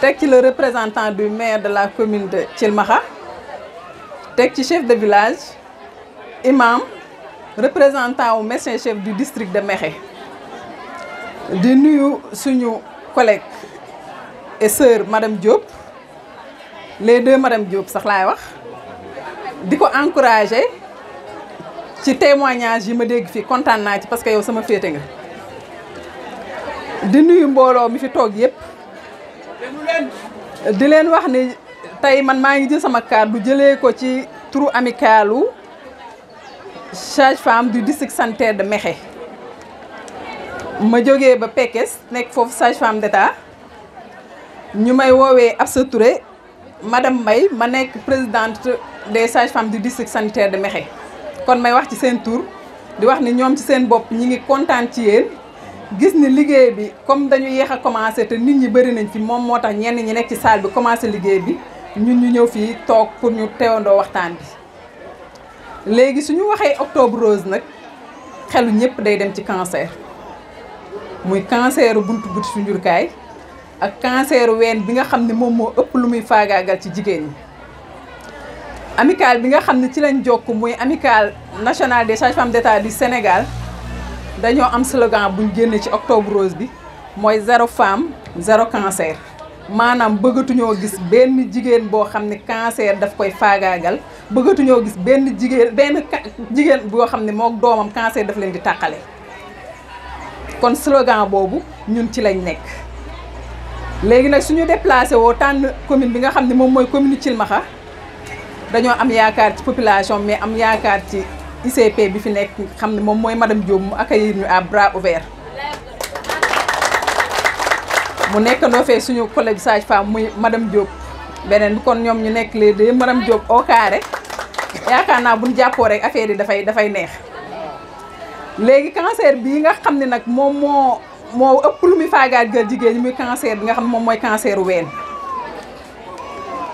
Tek le représentant du maire de la commune de chef de village imam représentant au médecin chef du district de Mekhe collègues et sœur madame Diop les deux madame Diop sax va. témoignage je parce que yow sama content. di di leen wax ni tey man maa ngi jël sama kàddu jëlee ko ci turu amicalu sage-femme du district sanitaire de Mekhe ma jóge ba Pekes nekk foofu sage-femme d'État ñu may woowee Absa Touré madame Mbaye ma nekk présidente des sages-femmes du district sanitaire de Mekhe kon may wax ci seen tur di wax ni ñoom ci seen bopp ñi ngi kontaan ci yéen gis ni liggéey bi comme dañu yéex a commencé te nit ñi bari nañ fi moom moo tax ñenn ñi nekk ci salle bi commencé liggéey bi ñun ñu ñëw fii toog pour ñu teewandoo waxtaan bi léegi suñu waxee octobre rose nag xelu ñëpp day dem ci cancer muy canceru buntu buti su njurkaay ak canceru ween bi nga xam ne moom moo ëpp lu muy faagaagal ci jigéen ñi amicale bi nga xam ne ci lañ jokk muy amicale nationale des sages-femmes d'État du Sénégal dañoo am slogan buñ génne ci octobre rose bi mooy zéro femme zéro cancer maanaam bëggatuñoo gis benn jigéen boo xam ne cancer daf koy faagaagal bëggatuñoo gis benn jigéen benn jigéen boo xam ne mook doomam cancer daf leen di tàqale kon slogan boobu ñun ci lañ nekk léegi nag suñu déplacé woo tànn commune bi nga xam ne moom mooy commune Thilmakha dañoo am yaakaar ci population mais am yaakaar ci ICP bi fi nekk xam ne moom mooy madam Diop mu accueillir ñu à bras ouvert mu nekk noo fee suñu collègue sage-femme muy madame Diop beneen bi kon ñoom ñu nekk les deux madame Diop au carré yaakaar naa bu buñ jàppoo rek affaire yi dafay dafay neex léegi cancer bii nga xam ne nag moom moo moo ëpp lu muy faagaat jël jigéen ñi muy cancer bi nga xam ne moom mooy canceru ween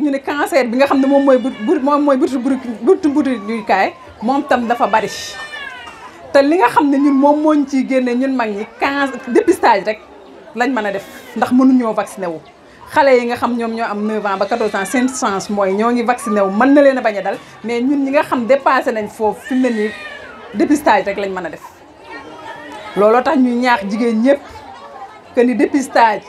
ñu ne cancer bi nga xam ne moom mooy bu moom mooy butu butu butu duy kaay moom tam dafa bari te li nga xam ne ñun moom moo ci ciy génne ñun mag ñi cancer dépistage rek lañ mën a def ndax mënuñoo vacciné wu. xale yi nga xam ñoom ñoo am 9 ans ba 14 ans seen chance mooy ñoo ngi vacciné wu mën na leen a bañ a dal mais ñun ñi nga xam dépassé nañ foofu fi mu ne nii dépistage rek lañ mën a def looloo tax ñuy ñaax jigéen ñëpp que ni dépistage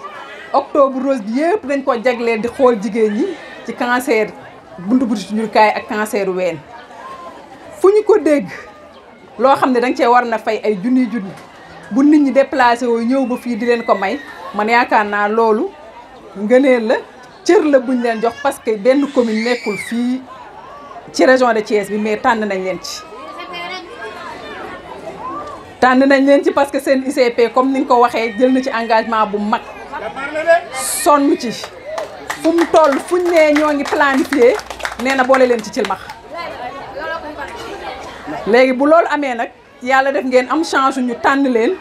octobre rose yëpp dañ ko jagleel di xool jigéen ñi. ci cancer buntu butitu njurukaay ak cancer ween fu ñu ko dégg loo xam ne danga cee war na fay ay junni junni bu nit ñi déplacé woo ñëw ba fii di leen ko may man yaakaar naa loolu ngëneel la cër la buñ leen jox parce que benn commune nekkul fii ci région de Thiès bi mais tànn nañ leen ci tànn nañ leen ci parce que seen ICP comme ni nga ko waxee jël na ci engagement bu mag sonn ci fu mu toll fuñ nee ñoo ngi planifié nee na boole leen ci cilmax léegi bu loolu amee nag yàlla def ngeen am chance ñu tànn leen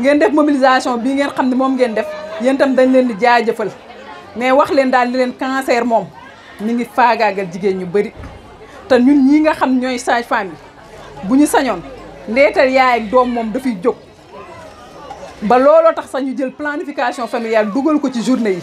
ngeen def mobilisation bii ngeen xam ne moom ngeen def yéen itam dañ leen di jaajëfal mais wax leen daal di leen cancer moom mi ngi faagaagal jigéen ñu bëri te ñun ñi nga xam ñooy sage-femme yi bu ñu sañoon ndeetal yaay ak doom moom dafay jóg ba looloo tax sax ñu jël planification familiale dugal ko ci journée yi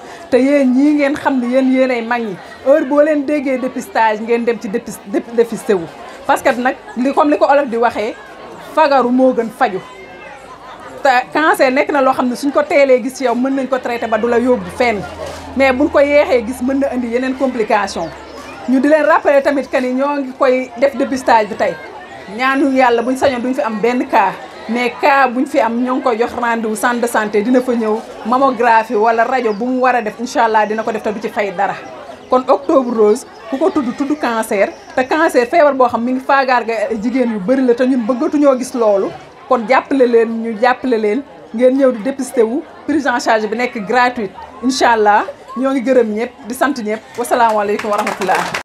te yéen ñii ngeen xam ne yéen yéen ay mag ñi heure boo leen déggee dépistage ngeen dem ci dépis dépisté wu. parce que nag li comme li ko olof di waxee fagaru moo gën faju te cancer nekk na loo xam ne suñ ko teelee gis yow mën nañ ko traité ba du la yóbbu fenn mais buñ ko yeexee gis mën na indi yeneen complication ñu di leen rappeler tamit que ni ñoo ngi koy def dépistage bi tey ñaanu yàlla buñ sañoon duñ fi am benn cas. mais cas buñ fi am ñoo ngi koy jox rendez-vous centre de santé dina fa ñëw mammographie wala rajo bu mu war a def incha allah dina ko def te du ci fay dara kon octobre rose ku ko tudd tudd cancer te cancer feebar boo xam mi ngi faagaar ga jigéen yu bëri la te ñun bëggatuñoo gis loolu kon jàppale leen ñu jàppale leen ngeen ñëw di dépisté wu prise en charge bi nekk gratuite incha allah ñoo ngi gërëm ñëpp di sant ñëpp wasalaamaaleykum wa rahmatullah